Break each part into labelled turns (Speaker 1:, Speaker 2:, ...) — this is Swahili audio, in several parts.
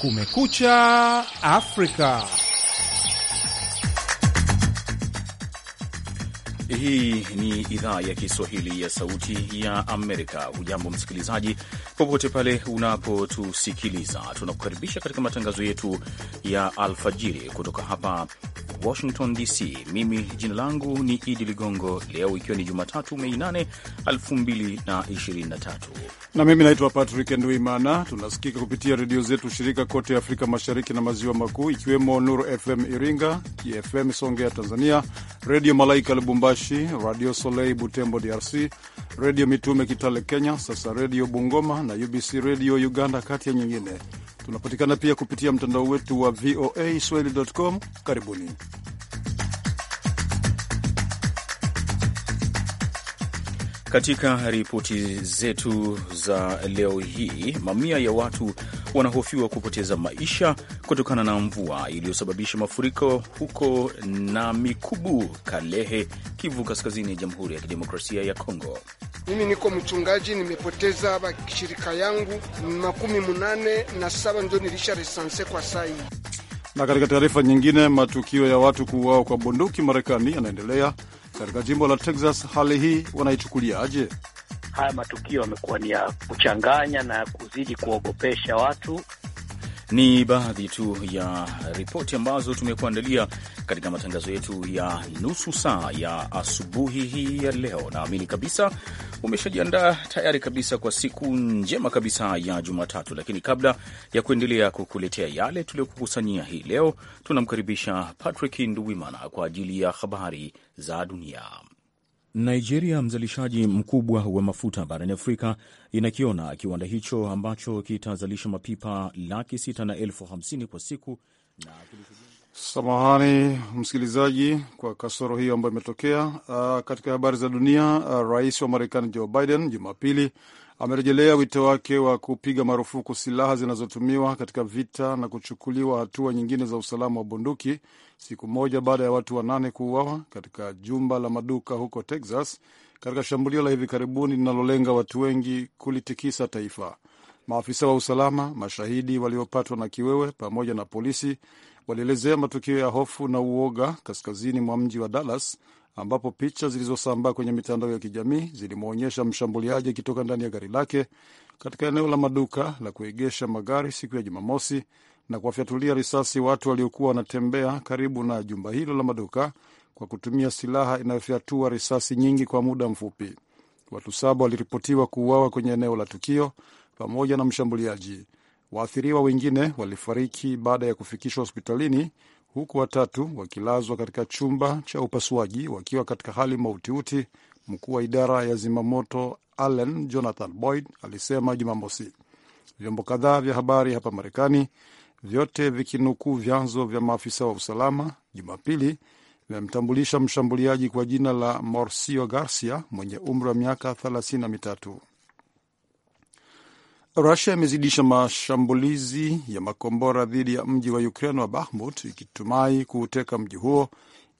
Speaker 1: Kumekucha Afrika. Hii
Speaker 2: ni idhaa ya Kiswahili ya Sauti ya Amerika. Hujambo msikilizaji, popote pale unapotusikiliza, tunakukaribisha katika matangazo yetu ya alfajiri kutoka hapa Washington DC. Mimi jina langu ni Idi Ligongo, leo
Speaker 1: ikiwa ni Jumatatu Mei 8, 2023 na mimi naitwa Patrick Nduimana. Tunasikika kupitia redio zetu shirika kote Afrika Mashariki na Maziwa Makuu, ikiwemo Nuru FM Iringa, KFM Songea Tanzania, Redio Malaika Lubumbashi, Radio Soleil Butembo DRC, Redio Mitume Kitale Kenya, sasa Redio Bungoma na UBC Redio Uganda, kati ya nyingine. Tunapatikana pia kupitia mtandao wetu wa VOA swahili.com. Karibuni.
Speaker 2: Katika ripoti zetu za leo hii, mamia ya watu wanahofiwa kupoteza maisha kutokana na mvua iliyosababisha mafuriko huko na Mikubu, Kalehe, Kivu Kaskazini Jamhuri ya Kidemokrasia ya Kongo.
Speaker 3: Mimi niko mchungaji, nimepoteza shirika yangu makumi munane na saba ndio nilisha resanse kwa sai.
Speaker 1: Na katika taarifa nyingine, matukio ya watu kuuawa kwa bunduki Marekani yanaendelea katika jimbo la Texas hali hii wanaichukuliaje?
Speaker 4: Haya matukio yamekuwa ni ya kuchanganya na kuzidi kuogopesha watu
Speaker 2: ni baadhi tu ya ripoti ambazo tumekuandalia katika matangazo yetu ya nusu saa ya asubuhi hii ya leo. Naamini kabisa umeshajiandaa tayari kabisa kwa siku njema kabisa ya Jumatatu, lakini kabla ya kuendelea kukuletea yale tuliyokukusanyia hii leo, tunamkaribisha Patrick Nduwimana kwa ajili ya habari za dunia. Nigeria, mzalishaji mkubwa wa mafuta barani Afrika, inakiona kiwanda hicho ambacho kitazalisha mapipa laki sita na elfu hamsini kwa siku na
Speaker 1: Samahani msikilizaji kwa kasoro hiyo ambayo imetokea. Uh, katika habari za dunia uh, rais wa Marekani Joe Biden Jumapili amerejelea wito wake wa kupiga marufuku silaha zinazotumiwa katika vita na kuchukuliwa hatua nyingine za usalama wa bunduki siku moja baada ya watu wanane kuuawa katika jumba la maduka huko Texas katika shambulio la hivi karibuni linalolenga watu wengi kulitikisa taifa. Maafisa wa usalama, mashahidi waliopatwa na kiwewe pamoja na polisi walielezea matukio ya hofu na uoga kaskazini mwa mji wa Dallas, ambapo picha zilizosambaa kwenye mitandao ya kijamii zilimwonyesha mshambuliaji akitoka ndani ya gari lake katika eneo la maduka la kuegesha magari siku ya Jumamosi na kuwafyatulia risasi watu waliokuwa wanatembea karibu na jumba hilo la maduka kwa kutumia silaha inayofyatua risasi nyingi kwa muda mfupi. Watu saba waliripotiwa kuuawa kwenye eneo la tukio pamoja na mshambuliaji. Waathiriwa wengine walifariki baada ya kufikishwa hospitalini, huku watatu wakilazwa katika chumba cha upasuaji wakiwa katika hali mautiuti. Mkuu wa idara ya zimamoto Allen Jonathan Boyd alisema Jumamosi. Vyombo kadhaa vya habari hapa Marekani vyote vikinukuu vyanzo vya maafisa wa usalama Jumapili vimemtambulisha mshambuliaji kwa jina la Morcio Garcia mwenye umri wa miaka thelathini na mitatu. Rusia imezidisha mashambulizi ya makombora dhidi ya mji wa Ukraine wa Bahmut ikitumai kuuteka mji huo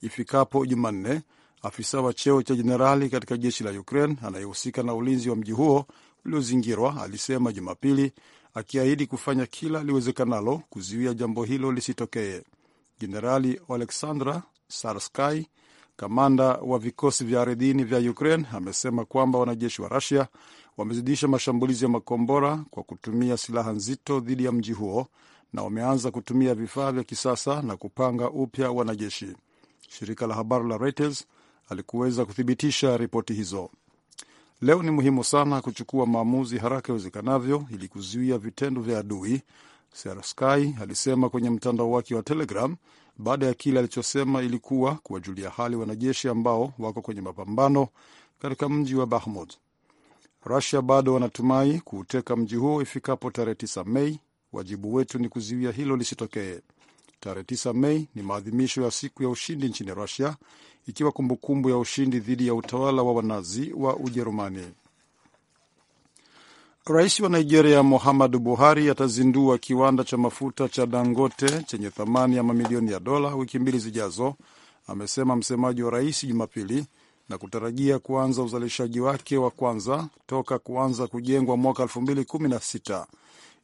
Speaker 1: ifikapo Jumanne. Afisa wa cheo cha jenerali katika jeshi la Ukraine anayehusika na ulinzi wa mji huo uliozingirwa alisema Jumapili, akiahidi kufanya kila liwezekanalo kuzuia jambo hilo lisitokee. Jenerali Alexandra Sarsky, kamanda wa vikosi vya ardhini vya Ukraine, amesema kwamba wanajeshi wa Rusia wamezidisha mashambulizi ya makombora kwa kutumia silaha nzito dhidi ya mji huo na wameanza kutumia vifaa vya kisasa na kupanga upya wanajeshi. Shirika la habari la Reuters alikuweza kuthibitisha ripoti hizo. Leo ni muhimu sana kuchukua maamuzi haraka iwezekanavyo ili kuzuia vitendo vya adui, Sersky alisema kwenye mtandao wake wa Telegram baada ya kile alichosema ilikuwa kuwajulia hali wanajeshi ambao wako kwenye mapambano katika mji wa Bahmud. Rusia bado wanatumai kuuteka mji huo ifikapo tarehe 9 Mei. Wajibu wetu ni kuzuia hilo lisitokee. Tarehe 9 Mei ni maadhimisho ya siku ya ushindi nchini Rusia, ikiwa kumbukumbu ya ushindi dhidi ya utawala wa wanazi wa Ujerumani. Rais wa Nigeria Muhammadu Buhari atazindua kiwanda cha mafuta cha Dangote chenye thamani ya mamilioni ya dola wiki mbili zijazo, amesema msemaji wa rais Jumapili, na kutarajia kuanza uzalishaji wake wa kwanza toka kuanza kujengwa mwaka 2016.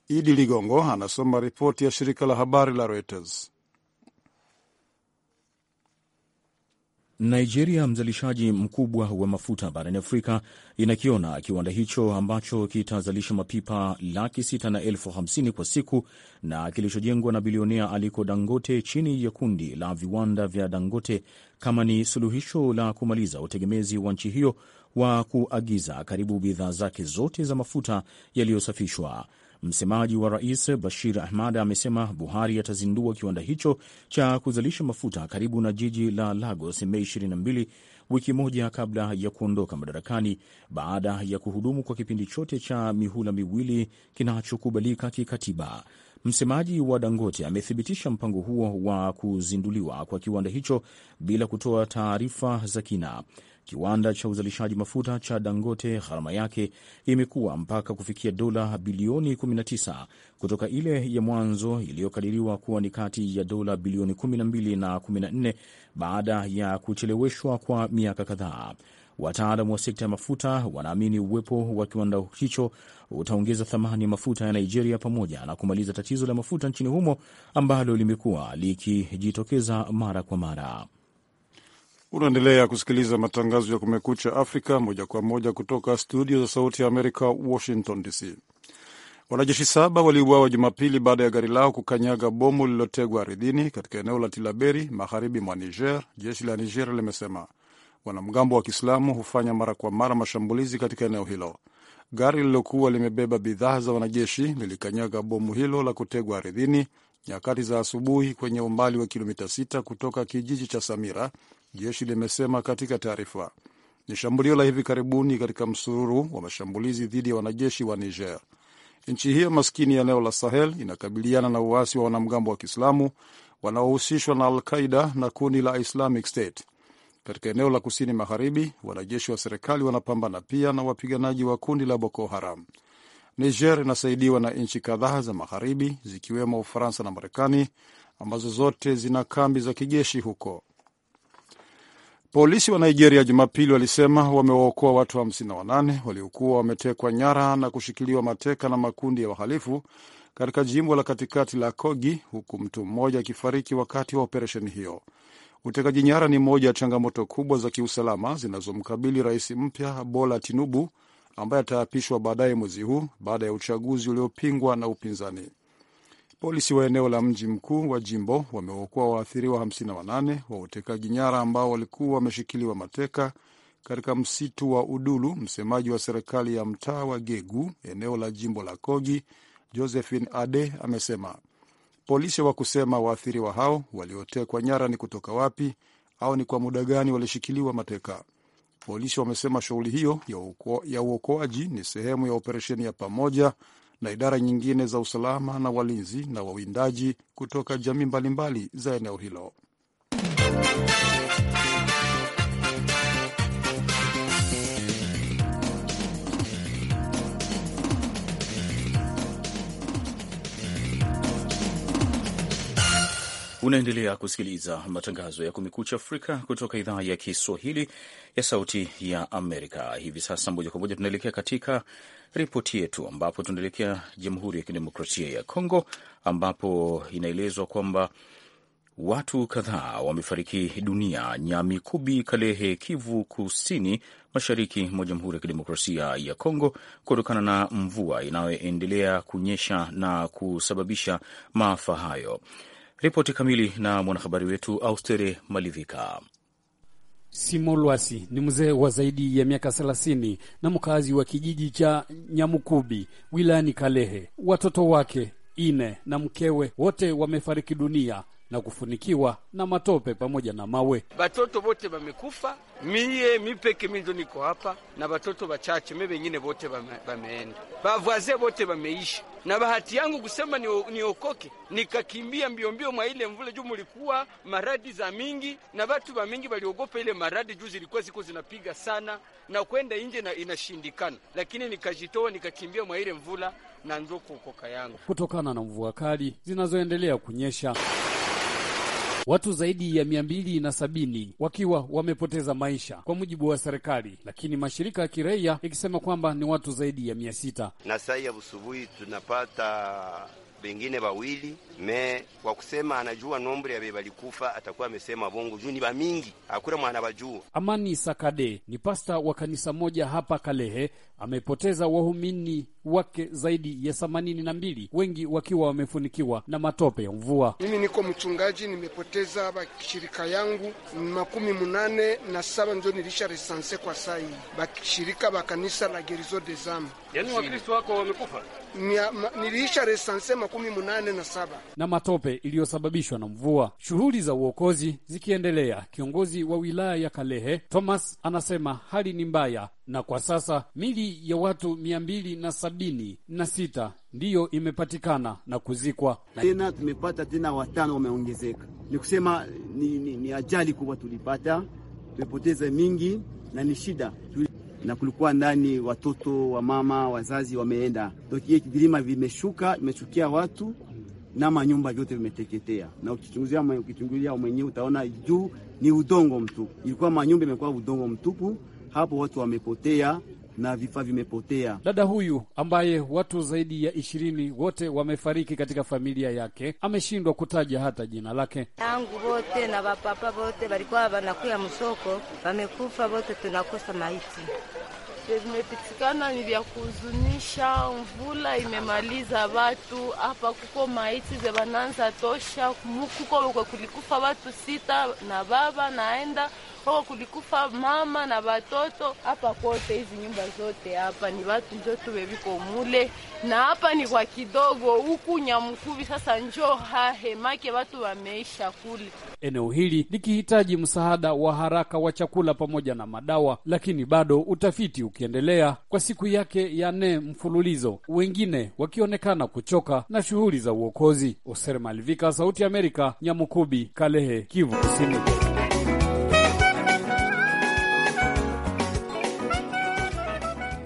Speaker 1: Idi Ligongo anasoma ripoti ya shirika la habari la Reuters.
Speaker 2: Nigeria, mzalishaji mkubwa wa mafuta barani Afrika, inakiona kiwanda hicho ambacho kitazalisha mapipa laki sita na elfu hamsini kwa siku na kilichojengwa na bilionea Aliko Dangote chini ya kundi la viwanda vya Dangote kama ni suluhisho la kumaliza utegemezi wa nchi hiyo wa kuagiza karibu bidhaa zake zote za mafuta yaliyosafishwa. Msemaji wa rais Bashir Ahmad amesema Buhari atazindua kiwanda hicho cha kuzalisha mafuta karibu na jiji la Lagos Mei 22, wiki moja kabla ya kuondoka madarakani baada ya kuhudumu kwa kipindi chote cha mihula miwili kinachokubalika kikatiba. Msemaji wa Dangote amethibitisha mpango huo wa kuzinduliwa kwa kiwanda hicho bila kutoa taarifa za kina. Kiwanda cha uzalishaji mafuta cha Dangote gharama yake imekuwa mpaka kufikia dola bilioni 19 kutoka ile ya mwanzo iliyokadiriwa kuwa ni kati ya dola bilioni 12 na 14 baada ya kucheleweshwa kwa miaka kadhaa. Wataalamu wa sekta ya mafuta wanaamini uwepo wa kiwanda hicho utaongeza thamani ya mafuta ya Nigeria pamoja na kumaliza tatizo la mafuta nchini humo ambalo limekuwa likijitokeza mara kwa mara.
Speaker 1: Unaendelea kusikiliza matangazo ya Kumekucha Afrika moja kwa moja kutoka studio za Sauti ya Amerika, Washington DC. Wanajeshi saba waliuawa Jumapili baada ya gari lao kukanyaga bomu lililotegwa ardhini katika eneo la Tilaberi, magharibi mwa Niger, jeshi la Niger limesema. Wanamgambo wa Kiislamu hufanya mara kwa mara mashambulizi katika eneo hilo. Gari lililokuwa limebeba bidhaa za wanajeshi lilikanyaga bomu hilo la kutegwa ardhini nyakati za asubuhi kwenye umbali wa kilomita 6 kutoka kijiji cha Samira jeshi limesema katika taarifa. Ni shambulio la hivi karibuni katika msururu wa mashambulizi dhidi ya wanajeshi wa Niger. Nchi hiyo maskini ya eneo la Sahel inakabiliana na uasi wa wanamgambo wa Kiislamu wanaohusishwa na Al-Qaida na kundi la Islamic State. Katika eneo la kusini magharibi, wanajeshi wa serikali wanapambana pia na wapiganaji wa kundi la Boko Haram. Niger inasaidiwa na nchi kadhaa za magharibi zikiwemo Ufaransa na Marekani ambazo zote zina kambi za kijeshi huko. Polisi wa Nigeria Jumapili walisema wamewaokoa watu 58 wa waliokuwa wametekwa nyara na kushikiliwa mateka na makundi ya wahalifu katika jimbo la katikati la Kogi, huku mtu mmoja akifariki wakati wa operesheni hiyo. Utekaji nyara ni moja ya changamoto kubwa za kiusalama zinazomkabili rais mpya Bola Tinubu ambaye ataapishwa baadaye mwezi huu baada ya uchaguzi uliopingwa na upinzani. Polisi wa eneo la mji mkuu wa jimbo wameokoa waathiriwa 58 wa utekaji nyara ambao walikuwa wameshikiliwa mateka katika msitu wa Udulu. Msemaji wa serikali ya mtaa wa Gegu, eneo la jimbo la Kogi, Josephine Ade amesema polisi kusema waathiriwa hao waliotekwa nyara ni kutoka wapi au ni kwa muda gani walishikiliwa mateka. Polisi wamesema shughuli hiyo ya uokoaji ni sehemu ya operesheni ya pamoja na idara nyingine za usalama na walinzi na wawindaji kutoka jamii mbalimbali za eneo hilo.
Speaker 2: Unaendelea kusikiliza matangazo ya Kumekucha Afrika kutoka idhaa ya Kiswahili ya Sauti ya Amerika. Hivi sasa moja kwa moja tunaelekea katika ripoti yetu, ambapo tunaelekea Jamhuri ya Kidemokrasia ya Kongo, ambapo inaelezwa kwamba watu kadhaa wamefariki dunia Nyamikubi, Kalehe, Kivu Kusini, mashariki mwa Jamhuri ya Kidemokrasia ya Kongo kutokana na mvua inayoendelea kunyesha na kusababisha maafa hayo. Ripoti kamili na mwanahabari wetu Austere Malivika.
Speaker 5: Simolwasi ni mzee wa zaidi ya miaka thelathini na mkazi wa kijiji cha Nyamukubi wilayani Kalehe. Watoto wake ine na mkewe wote wamefariki dunia na kufunikiwa na matope pamoja na mawe.
Speaker 3: Batoto bote bamekufa, miye mipeke mindo niko hapa na batoto bachache me bengine bote bameenda, bavwaze bote bameisha. Na bahati yangu kusema niokoke, ni nikakimbia mbiombio mwa ile mvula juu mulikuwa maradi za mingi na batu ba mingi baliogopa ile maradi juu zilikuwa ziko zinapiga sana na kwenda inje na inashindikana, lakini nikajitoa nikakimbia mwa ile mvula na ndio
Speaker 5: kuokoka yangu kutokana na mvua kali zinazoendelea kunyesha watu zaidi ya mia mbili na sabini wakiwa wamepoteza maisha kwa mujibu wa serikali, lakini mashirika ya kiraia ikisema kwamba ni watu zaidi ya mia sita
Speaker 3: na saa ya busubuhi tunapata wengine wawili me kwa kusema anajua nombre ya vevalikufa atakuwa amesema bongo juu ni vamingi, akura mwana wajua
Speaker 5: Amani Sakade ni pasta wa kanisa moja hapa Kalehe amepoteza wahumini wake zaidi ya themanini na mbili, wengi wakiwa wamefunikiwa na matope ya mvua.
Speaker 3: Mimi niko mchungaji, nimepoteza bakishirika yangu makumi munane na saba ndio nilisha resanse kwa saa hii, bakishirika bakanisa la Gerizo de Zam.
Speaker 5: Yani Wakristo wako wamekufa?
Speaker 3: niliisha resanse makumi munane na saba
Speaker 5: na matope iliyosababishwa na mvua. Shughuli za uokozi zikiendelea, kiongozi wa wilaya ya Kalehe Thomas anasema hali ni mbaya na kwa sasa mili ya watu mia mbili na sabini na sita ndiyo imepatikana na kuzikwa.
Speaker 3: Tena tumepata tena watano wameongezeka. Ni kusema ni, ni, ni ajali kubwa tulipata, tumepoteza mingi na ni shida na kulikuwa ndani watoto wa mama wazazi wameenda vilima vimeshuka vimeshukia watu na manyumba vyote vimeteketea, na ukichunguzia ukichungulia mwenyewe utaona juu ni udongo mtupu, ilikuwa manyumba imekuwa udongo mtupu. Hapo watu wamepotea na vifaa vimepotea.
Speaker 5: Dada huyu ambaye watu zaidi ya ishirini wote wamefariki katika familia yake ameshindwa kutaja hata jina lake. Tangu
Speaker 1: wote na wapapa wote walikuwa wanakuya msoko, wamekufa wote, tunakosa maiti vimepitikana ni vya kuhuzunisha. Mvula imemaliza watu hapa, kuko maiti zevananza tosha, kuko kulikufa
Speaker 3: watu sita na baba naenda huko kulikufa mama na watoto. Hapa kote hizi nyumba zote hapa ni watu njo tuveviko mule, na hapa ni kwa
Speaker 2: kidogo huku Nyamukubi. Sasa njo hahe make watu wameisha kule.
Speaker 5: Eneo hili likihitaji msaada wa haraka wa chakula pamoja na madawa, lakini bado utafiti ukiendelea kwa siku yake ya nne mfululizo, wengine wakionekana kuchoka na shughuli za uokozi. Oser Malivika, Sauti ya Amerika, Nyamukubi, Kalehe, Kivu Kusini.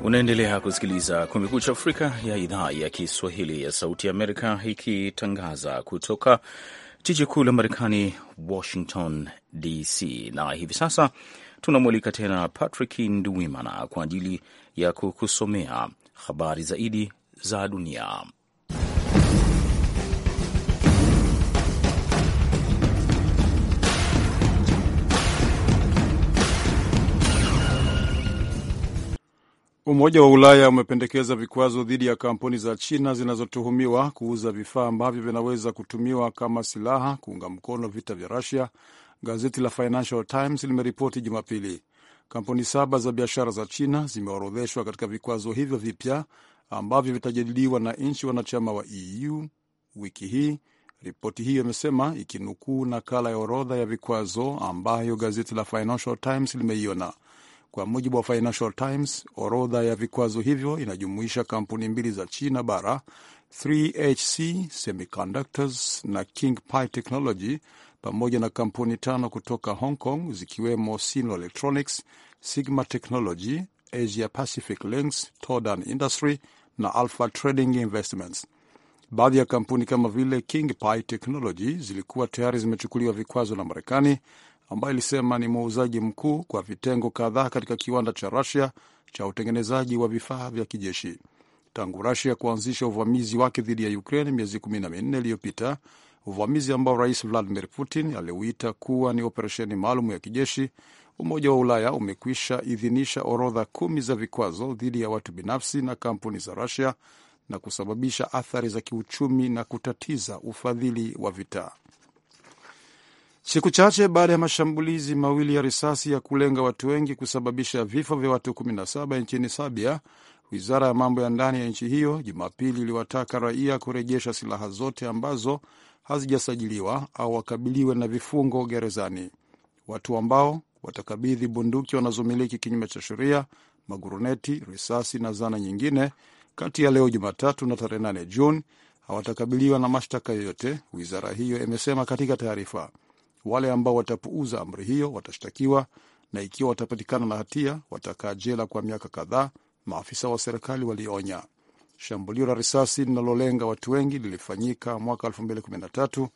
Speaker 2: Unaendelea kusikiliza Kumekucha Afrika ya idhaa ya Kiswahili ya Sauti Amerika, ikitangaza kutoka jiji kuu la Marekani, Washington DC. Na hivi sasa tunamwalika tena Patrick Nduwimana kwa ajili ya kukusomea habari zaidi za dunia.
Speaker 1: Umoja wa Ulaya umependekeza vikwazo dhidi ya kampuni za China zinazotuhumiwa kuuza vifaa ambavyo vinaweza kutumiwa kama silaha kuunga mkono vita vya Rusia, gazeti la Financial Times limeripoti Jumapili. Kampuni saba za biashara za China zimeorodheshwa katika vikwazo hivyo vipya ambavyo vitajadiliwa na nchi wanachama wa EU wiki hii, ripoti hiyo imesema ikinukuu nakala ya orodha ya vikwazo ambayo gazeti la Financial Times limeiona. Kwa mujibu wa Financial Times, orodha ya vikwazo hivyo inajumuisha kampuni mbili za China bara 3HC Semiconductors na king Pi Technology pamoja na kampuni tano kutoka Hong Kong zikiwemo Sino Electronics, Sigma Technology, Asia Pacific Links, Todan Industry na Alpha Trading Investments. Baadhi ya kampuni kama vile king Pi Technology zilikuwa tayari zimechukuliwa vikwazo na Marekani ambayo ilisema ni muuzaji mkuu kwa vitengo kadhaa katika kiwanda cha Rusia cha utengenezaji wa vifaa vya kijeshi. Tangu Rusia kuanzisha uvamizi wake dhidi ya Ukraine miezi kumi na minne iliyopita, uvamizi ambao Rais Vladimir Putin aliuita kuwa ni operesheni maalum ya kijeshi, Umoja wa Ulaya umekwisha idhinisha orodha kumi za vikwazo dhidi ya watu binafsi na kampuni za Rusia na kusababisha athari za kiuchumi na kutatiza ufadhili wa vita siku chache baada ya mashambulizi mawili ya risasi ya kulenga watu wengi kusababisha vifo vya watu 17 nchini sabia Wizara ya mambo ya ndani ya nchi hiyo Jumapili iliwataka raia kurejesha silaha zote ambazo hazijasajiliwa au wakabiliwe na vifungo gerezani. Watu ambao watakabidhi bunduki wanazomiliki kinyume cha sheria, maguruneti, risasi na zana nyingine kati ya leo Jumatatu na tarehe 8 Juni hawatakabiliwa na mashtaka yoyote, wizara hiyo imesema katika taarifa. Wale ambao watapuuza amri hiyo watashtakiwa na ikiwa watapatikana na hatia watakaa jela kwa miaka kadhaa, maafisa wa serikali walionya. Shambulio la risasi linalolenga watu wengi lilifanyika mwaka 2013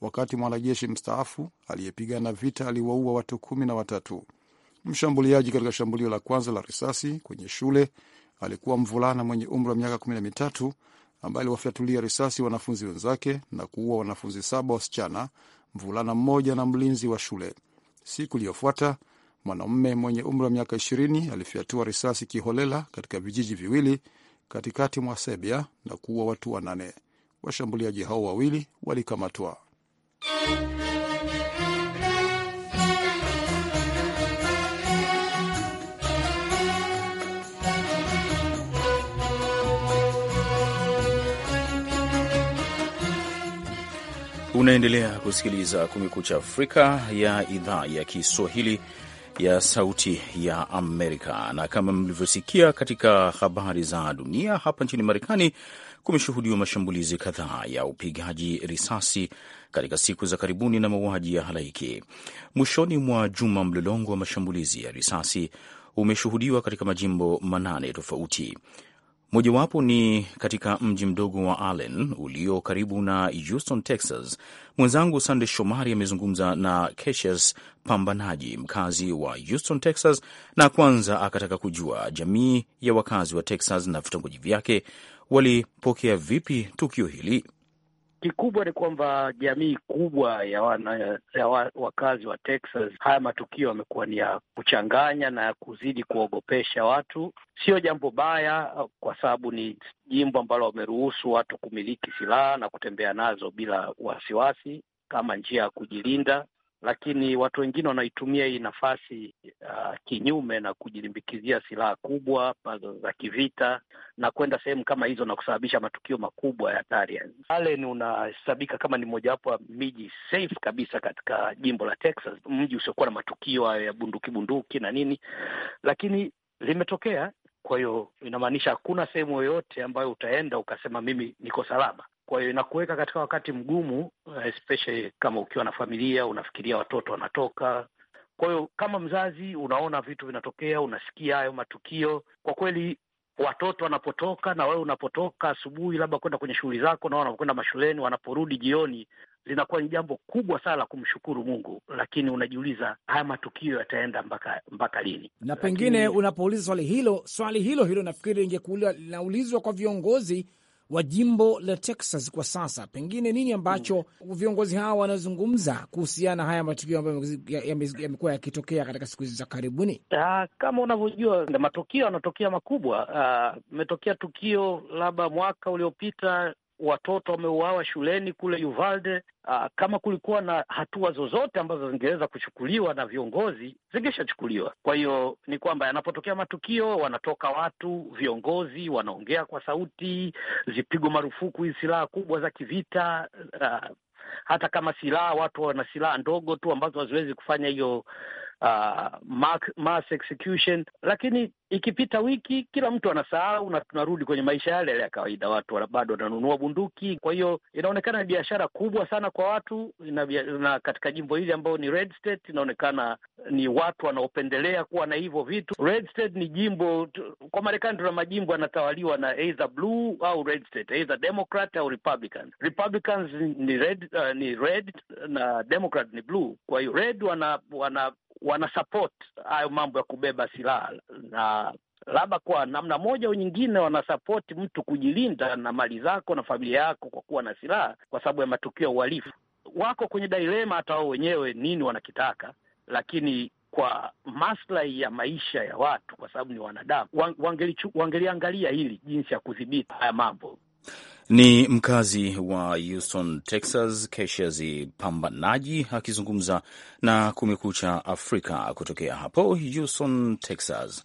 Speaker 1: wakati mwanajeshi mstaafu aliyepigana vita aliwaua watu kumi na watatu. Mshambuliaji katika shambulio la kwanza la risasi kwenye shule alikuwa mvulana mwenye umri wa miaka kumi na mitatu ambaye aliwafyatulia risasi wanafunzi wenzake na kuua wanafunzi saba wasichana mvulana mmoja na mlinzi wa shule. Siku iliyofuata mwanaume mwenye umri wa miaka ishirini alifyatua risasi kiholela katika vijiji viwili katikati mwa Serbia na kuua watu wanane. Washambuliaji hao wawili walikamatwa.
Speaker 2: Unaendelea kusikiliza Kumekucha Afrika ya idhaa ya Kiswahili ya Sauti ya Amerika, na kama mlivyosikia katika habari za dunia, hapa nchini Marekani kumeshuhudiwa mashambulizi kadhaa ya upigaji risasi katika siku za karibuni na mauaji ya halaiki. Mwishoni mwa juma, mlolongo wa mashambulizi ya risasi umeshuhudiwa katika majimbo manane tofauti. Mojawapo ni katika mji mdogo wa Allen ulio karibu na Houston, Texas. Mwenzangu Sande Shomari amezungumza na Cassius Pambanaji, mkazi wa Houston, Texas, na kwanza akataka kujua jamii ya wakazi wa Texas na vitongoji vyake walipokea vipi tukio hili.
Speaker 4: Kikubwa ni kwamba jamii kubwa ya, wana, ya wakazi wa Texas, haya matukio yamekuwa ni ya kuchanganya na ya kuzidi kuogopesha watu. Sio jambo baya, kwa sababu ni jimbo ambalo wameruhusu watu kumiliki silaha na kutembea nazo bila wasiwasi kama njia ya kujilinda lakini watu wengine wanaitumia hii nafasi uh, kinyume na kujilimbikizia silaha kubwa za kivita na kwenda sehemu kama hizo na kusababisha matukio makubwa ya hatari. Allen unahesabika kama ni mojawapo ya miji safe kabisa katika jimbo la Texas, mji usiokuwa na matukio hayo ya bunduki bunduki na nini, lakini limetokea. Kwa hiyo inamaanisha hakuna sehemu yoyote ambayo utaenda ukasema mimi niko salama. Kwa hiyo inakuweka katika wakati mgumu, eh, especially kama ukiwa na familia, unafikiria watoto wanatoka. Kwa hiyo kama mzazi, unaona vitu vinatokea, unasikia hayo matukio. Kwa kweli watoto wanapotoka na wewe unapotoka asubuhi, labda kwenda kwenye shughuli zako, na wanapokwenda mashuleni, wanaporudi jioni, linakuwa ni jambo kubwa sana la kumshukuru Mungu, lakini unajiuliza haya matukio yataenda mpaka mpaka lini?
Speaker 5: Na pengine lakini... unapouliza
Speaker 2: swali hilo, swali hilo hilo nafikiri lingekuwa linaulizwa kwa viongozi wa jimbo la Texas kwa sasa, pengine nini ambacho viongozi hawa wanazungumza kuhusiana na haya
Speaker 4: matukio ambayo yamekuwa yakitokea katika siku hizi za karibuni? Uh, kama unavyojua matukio yanatokea makubwa. Imetokea ah, uh, tukio labda mwaka uliopita watoto wameuawa shuleni kule Uvalde. Aa, ah, kama kulikuwa na hatua zozote ambazo zingeweza kuchukuliwa na viongozi zingeshachukuliwa. Kwa hiyo ni kwamba yanapotokea matukio, wanatoka watu viongozi wanaongea kwa sauti, zipigwa marufuku hii silaha kubwa za kivita. Aa, ah, hata kama silaha watu wana silaha ndogo tu ambazo haziwezi kufanya hiyo uh, mass execution, lakini Ikipita wiki, kila mtu anasahau na tunarudi kwenye maisha yale ya kawaida. Watu bado wananunua bunduki. Kwa hiyo inaonekana ni biashara kubwa sana kwa watu na, na katika jimbo hili ambayo ni red state, inaonekana ni watu wanaopendelea kuwa na hivyo vitu. Red state ni jimbo kwa Marekani, tuna majimbo yanatawaliwa na either blue au red state, either Democrat au Republican. Republicans ni red, uh, ni red na Democrat ni blue. Kwa hiyo red wana wana, wana support hayo mambo ya kubeba silaha na labda kwa namna moja au nyingine wanasapoti mtu kujilinda na mali zako na familia yako kwa kuwa na silaha, kwa sababu ya matukio ya uhalifu. Wako kwenye dilema hata wao wenyewe nini wanakitaka, lakini kwa maslahi ya maisha ya watu, kwa sababu ni wanadamu, wangeliangalia hili jinsi ya kudhibiti haya mambo.
Speaker 2: Ni mkazi wa Houston, Texas, Keshezi Pambanaji akizungumza na Kumekucha Afrika kutokea hapo Houston, Texas.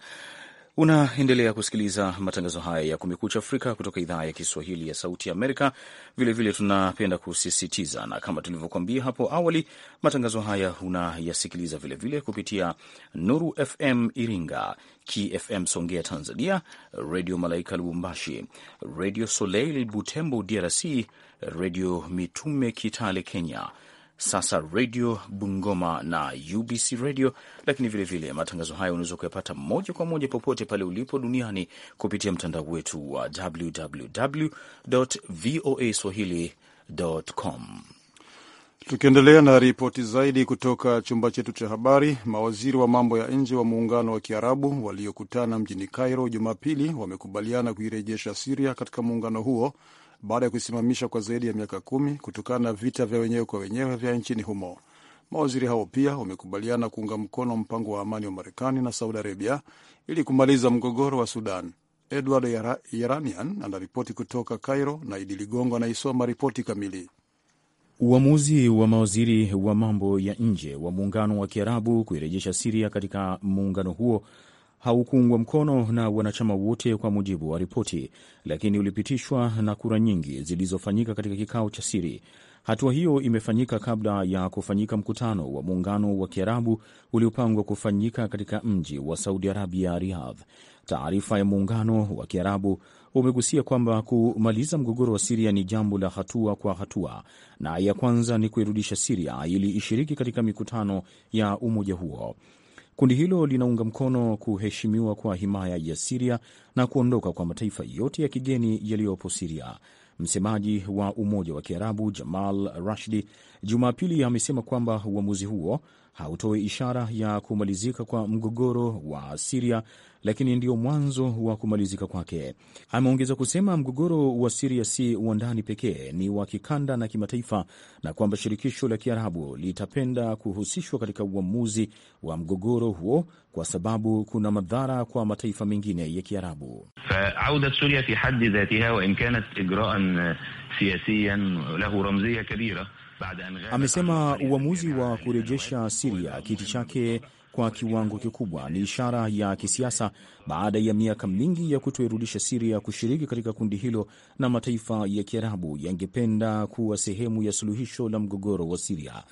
Speaker 2: Unaendelea kusikiliza matangazo haya ya Kumekucha Afrika kutoka idhaa ya Kiswahili ya Sauti Amerika. Vilevile tunapenda kusisitiza, na kama tulivyokuambia hapo awali, matangazo haya unayasikiliza vilevile kupitia Nuru FM Iringa, KFM Songea Tanzania, Redio Malaika Lubumbashi, Redio Soleil Butembo DRC, Redio Mitume Kitale Kenya, sasa redio Bungoma na UBC Radio, lakini vilevile vile, matangazo hayo unaweza kuyapata moja kwa moja popote pale ulipo duniani kupitia mtandao wetu wa www voa swahili.com.
Speaker 1: Tukiendelea na ripoti zaidi kutoka chumba chetu cha habari, mawaziri wa mambo ya nje wa muungano wa Kiarabu waliokutana mjini Cairo Jumapili wamekubaliana kuirejesha Siria katika muungano huo baada ya kusimamishwa kwa zaidi ya miaka kumi kutokana na vita vya wenyewe kwa wenyewe vya nchini humo. Mawaziri hao pia wamekubaliana kuunga mkono mpango wa amani wa Marekani na Saudi Arabia ili kumaliza mgogoro wa Sudan. Edward Yeranian anaripoti kutoka Cairo na Idi Ligongo anaisoma ripoti kamili.
Speaker 2: Uamuzi wa mawaziri wa mambo ya nje wa muungano wa Kiarabu kuirejesha Siria katika muungano huo haukuungwa mkono na wanachama wote kwa mujibu wa ripoti, lakini ulipitishwa na kura nyingi zilizofanyika katika kikao cha siri. Hatua hiyo imefanyika kabla ya kufanyika mkutano wa muungano wa Kiarabu uliopangwa kufanyika katika mji wa Saudi Arabia, Riyadh. Taarifa ya muungano wa Kiarabu umegusia kwamba kumaliza mgogoro wa Siria ni jambo la hatua kwa hatua, na ya kwanza ni kuirudisha Siria ili ishiriki katika mikutano ya umoja huo. Kundi hilo linaunga mkono kuheshimiwa kwa himaya ya Siria na kuondoka kwa mataifa yote ya kigeni yaliyopo Siria. Msemaji wa Umoja wa Kiarabu Jamal Rashdi Jumapili amesema kwamba uamuzi huo hautoi ishara ya kumalizika kwa mgogoro wa Siria, lakini ndio mwanzo wa kumalizika kwake. Ameongeza kusema mgogoro wa Siria si wa ndani pekee, ni wa kikanda na kimataifa, na kwamba shirikisho la Kiarabu litapenda kuhusishwa katika uamuzi wa mgogoro huo kwa sababu kuna madhara kwa mataifa mengine ya Kiarabu. faudat lahu ramziya kabira Amesema uamuzi wa kurejesha Siria kiti chake kwa kiwango kikubwa ni ishara ya kisiasa baada ya miaka mingi ya kutoirudisha Siria kushiriki katika kundi hilo, na mataifa ya Kiarabu yangependa kuwa sehemu ya suluhisho la mgogoro wa Siria.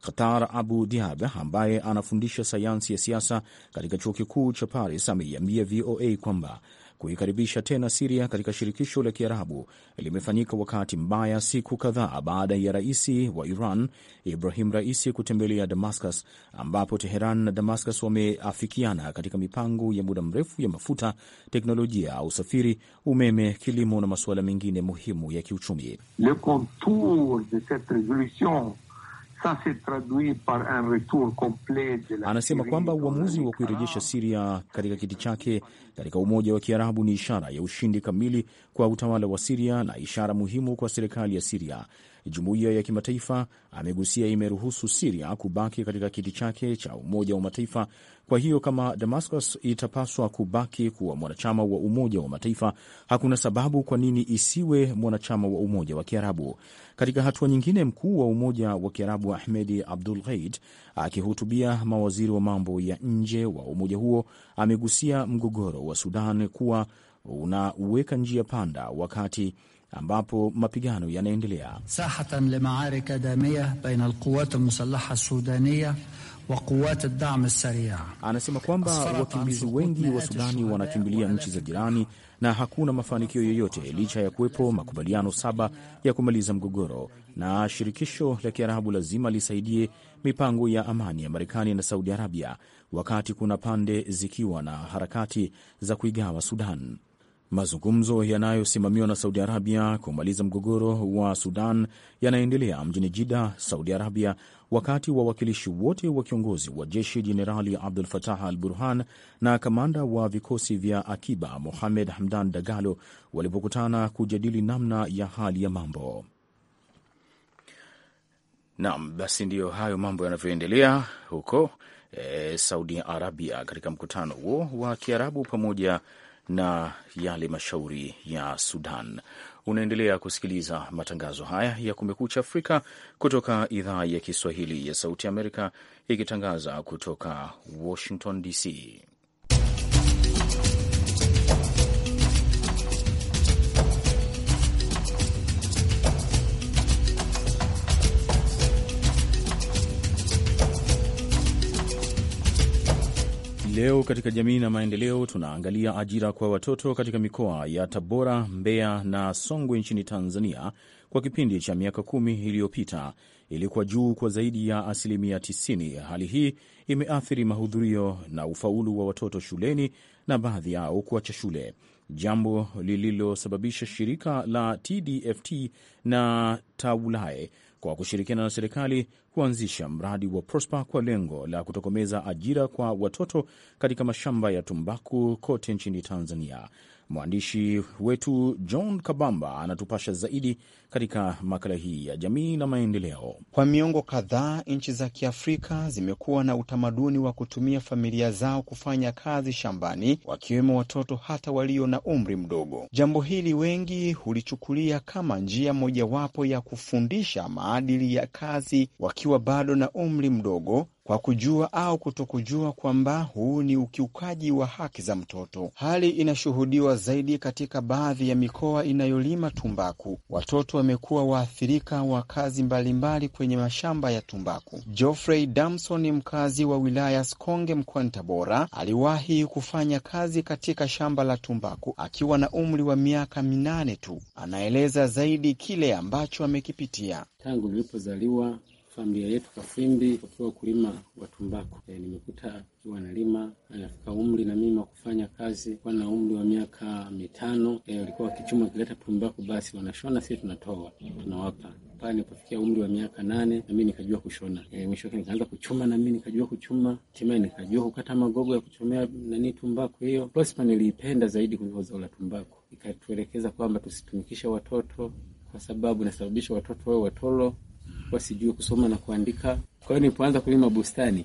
Speaker 2: Qatar Abu Diab ambaye anafundisha sayansi ya siasa katika chuo kikuu cha Paris ameiambia VOA kwamba Kuikaribisha tena Siria katika shirikisho la Kiarabu limefanyika wakati mbaya, siku kadhaa baada ya rais wa Iran Ibrahim Raisi kutembelea Damascus, ambapo Teheran na Damascus wameafikiana katika mipango ya muda mrefu ya mafuta, teknolojia, usafiri, umeme, kilimo na masuala mengine muhimu ya kiuchumi.
Speaker 3: Le contour de cette resolution
Speaker 2: Anasema kwamba uamuzi wa kuirejesha Siria katika kiti chake katika Umoja wa Kiarabu ni ishara ya ushindi kamili kwa utawala wa Siria na ishara muhimu kwa serikali ya Siria. Jumuiya ya kimataifa amegusia, imeruhusu Siria kubaki katika kiti chake cha Umoja wa Mataifa kwa hiyo kama Damascus itapaswa kubaki kuwa mwanachama wa Umoja wa Mataifa, hakuna sababu kwa nini isiwe mwanachama wa Umoja wa Kiarabu. Katika hatua nyingine, mkuu wa Umoja wa Kiarabu Ahmedi Abdul Ghaid akihutubia mawaziri wa mambo ya nje wa umoja huo amegusia mgogoro wa Sudan kuwa unaweka njia panda wakati ambapo mapigano yanaendelea.
Speaker 5: sahatan limaarika damia baina alquwat almusalaha sudania
Speaker 2: Anasema kwamba wakimbizi wengi wa Sudani wanakimbilia nchi za jirani na hakuna mafanikio yoyote licha ya kuwepo makubaliano saba ya kumaliza mgogoro, na shirikisho la Kiarabu lazima lisaidie mipango ya amani ya Marekani na Saudi Arabia, wakati kuna pande zikiwa na harakati za kuigawa Sudan. Mazungumzo yanayosimamiwa na Saudi Arabia kumaliza mgogoro wa Sudan yanaendelea mjini Jida, Saudi Arabia, wakati wawakilishi wote wa kiongozi wa jeshi Jenerali Abdul Fatah Al Burhan na kamanda wa vikosi vya akiba Mohamed Hamdan Dagalo walipokutana kujadili namna ya hali ya mambo. Naam, basi ndiyo hayo mambo yanavyoendelea huko e, Saudi Arabia katika mkutano huo wa Kiarabu pamoja na yale mashauri ya Sudan. Unaendelea kusikiliza matangazo haya ya Kumekucha Afrika kutoka idhaa ya Kiswahili ya Sauti Amerika, ikitangaza kutoka Washington DC. Leo katika jamii na maendeleo tunaangalia ajira kwa watoto katika mikoa ya Tabora, Mbeya na Songwe nchini Tanzania kwa kipindi cha miaka kumi iliyopita ilikuwa juu kwa zaidi ya asilimia 90. Hali hii imeathiri mahudhurio na ufaulu wa watoto shuleni na baadhi yao kuacha shule, jambo lililosababisha shirika la TDFT na Taulae kwa kushirikiana na serikali kuanzisha mradi wa Prosper kwa lengo la kutokomeza ajira kwa watoto katika mashamba ya tumbaku kote nchini Tanzania. Mwandishi wetu John Kabamba anatupasha zaidi katika makala hii ya
Speaker 3: jamii na maendeleo. Kwa miongo kadhaa, nchi za Kiafrika zimekuwa na utamaduni wa kutumia familia zao kufanya kazi shambani, wakiwemo watoto hata walio na umri mdogo. Jambo hili wengi hulichukulia kama njia mojawapo ya kufundisha maadili ya kazi wakiwa bado na umri mdogo kwa kujua au kutokujua kwamba huu ni ukiukaji wa haki za mtoto. Hali inashuhudiwa zaidi katika baadhi ya mikoa inayolima tumbaku. Watoto wamekuwa waathirika wa kazi mbalimbali kwenye mashamba ya tumbaku. Geoffrey Damson, mkazi wa wilaya Sikonge mkoani Tabora, aliwahi kufanya kazi katika shamba la tumbaku akiwa na umri wa miaka minane tu. Anaeleza zaidi kile ambacho amekipitia
Speaker 5: tangu nilipozaliwa familia yetu Kafimbi eh, wakiwa kulima wa tumbaku. E, nimekuta akiwa analima, anafika umri na mimi wa kufanya kazi, kwa na umri wa miaka mitano. E, walikuwa wakichuma, wakileta tumbaku, basi wanashona, sisi tunatoa tunawapa pale nilipofikia umri wa miaka nane nami nikajua kushona e, mwisho wake nikaanza kuchuma mimi nikajua kuchuma, hatimaye nikajua kukata magogo ya kuchomea nani tumbaku. Hiyo rospa niliipenda zaidi kuliko zao la tumbaku, ikatuelekeza kwamba tusitumikishe watoto kwa sababu nasababisha watoto wawe watolo nilikuwa sijui kusoma na kuandika. Kwa hiyo nilipoanza kulima bustani,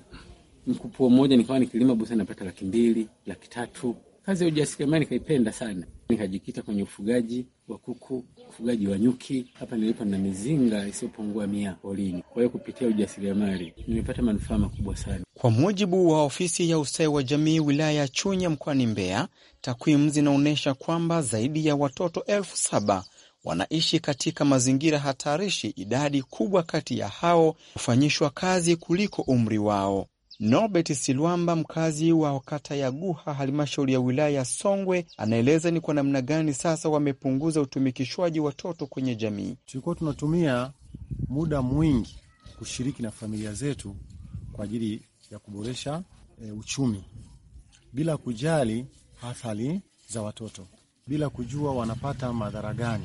Speaker 5: mkupuo mmoja nikawa nikilima bustani napata laki mbili, laki tatu. Kazi ya ujasiriamali nikaipenda sana, nikajikita kwenye ufugaji wa kuku, ufugaji wa nyuki. Hapa nilipo na mizinga isiyopungua mia polini. Kwa hiyo kupitia ujasiriamali nimepata manufaa makubwa sana.
Speaker 3: Kwa mujibu wa ofisi ya ustawi wa jamii wilaya ya Chunya mkoani Mbeya, takwimu zinaonyesha kwamba zaidi ya watoto elfu saba wanaishi katika mazingira hatarishi. Idadi kubwa kati ya hao hufanyishwa kazi kuliko umri wao. Norbert Silwamba, mkazi wa kata ya Guha, halmashauri ya wilaya ya Songwe, anaeleza ni kwa namna gani sasa wamepunguza utumikishwaji watoto kwenye jamii.
Speaker 1: Tulikuwa tunatumia muda mwingi kushiriki na familia zetu kwa ajili ya kuboresha e, uchumi bila kujali athari za watoto, bila kujua wanapata madhara gani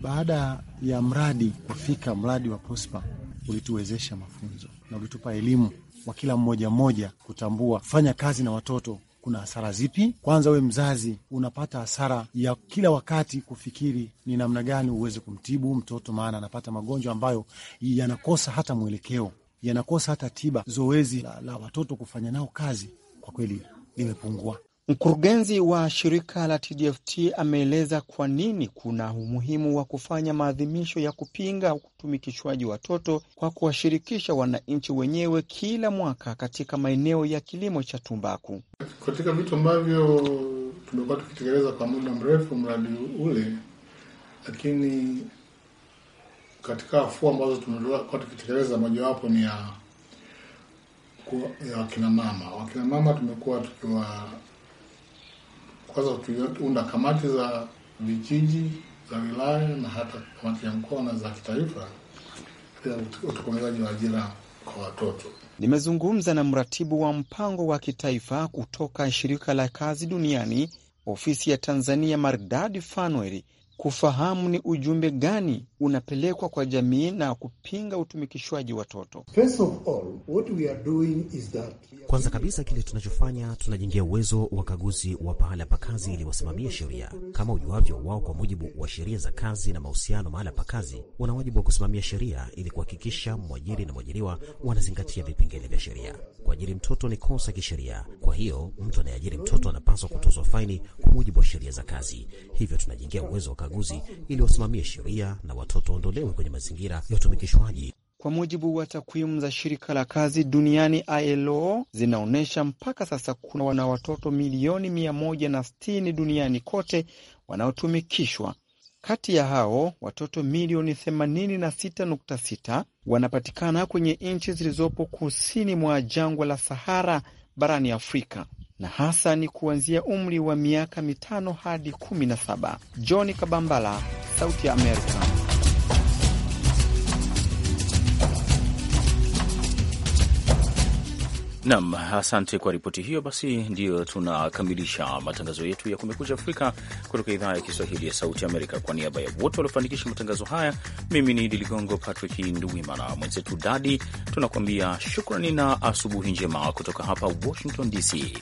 Speaker 1: baada ya mradi kufika, mradi wa Prosper ulituwezesha mafunzo na ulitupa elimu wa kila mmoja mmoja kutambua kufanya kazi na watoto kuna hasara zipi. Kwanza we mzazi unapata hasara ya kila wakati kufikiri ni namna gani uweze kumtibu mtoto, maana anapata magonjwa ambayo yanakosa hata mwelekeo, yanakosa hata tiba. Zoezi la, la watoto kufanya nao kazi kwa kweli limepungua.
Speaker 3: Mkurugenzi wa shirika la TDFT ameeleza kwa nini kuna umuhimu wa kufanya maadhimisho ya kupinga utumikishwaji watoto kwa kuwashirikisha wananchi wenyewe kila mwaka katika maeneo ya kilimo cha tumbaku.
Speaker 1: Katika vitu ambavyo tumekuwa tukitekeleza kwa muda mrefu mradi ule, lakini katika afua ambazo tumekuwa tukitekeleza mojawapo ni ya, ya wakinamama. Wakinamama tumekuwa tukiwa kwanza tuliunda kamati za vijiji za wilaya na hata kamati ya mkoa na za kitaifa ya utokomezaji wa ajira kwa watoto.
Speaker 3: Nimezungumza na mratibu wa mpango wa kitaifa kutoka shirika la kazi duniani ofisi ya Tanzania, Mardadi Fanweri kufahamu ni ujumbe gani unapelekwa kwa jamii na kupinga utumikishwaji watoto.
Speaker 2: Kwanza kabisa, kile tunachofanya tunajengea uwezo wakaguzi wa pahala pa kazi ili wasimamie sheria. Kama ujuavyo, wao kwa mujibu wa sheria za kazi na mahusiano mahala pa kazi, wana wajibu wa kusimamia sheria ili kuhakikisha mwajiri na mwajiriwa wanazingatia vipengele vya sheria. Kuajiri mtoto ni kosa kisheria, kwa hiyo mtu anayeajiri mtoto anapaswa
Speaker 4: kutozwa faini kwa mujibu wa sheria za kazi. Hivyo tunajengea uwezo ukaguzi ili wasimamie sheria na watoto waondolewe kwenye mazingira ya utumikishwaji.
Speaker 3: Kwa mujibu wa takwimu za shirika la kazi duniani ILO zinaonyesha mpaka sasa kuna wana watoto milioni mia moja na sitini duniani kote wanaotumikishwa. Kati ya hao watoto milioni 86.6 wanapatikana kwenye nchi zilizopo kusini mwa jangwa la Sahara barani Afrika na hasa ni kuanzia umri wa miaka mitano hadi kumi na saba. John Kabambala, Sauti ya Amerika.
Speaker 2: Nam, asante kwa ripoti hiyo. Basi ndiyo tunakamilisha matangazo yetu ya Kumekucha Afrika kutoka idhaa ya Kiswahili ya Sauti Amerika. Kwa niaba ya wote waliofanikisha matangazo haya, mimi ni Idi Ligongo, Patrick Nduwimana mwenzetu Dadi, tunakuambia shukrani na asubuhi njema kutoka hapa Washington DC.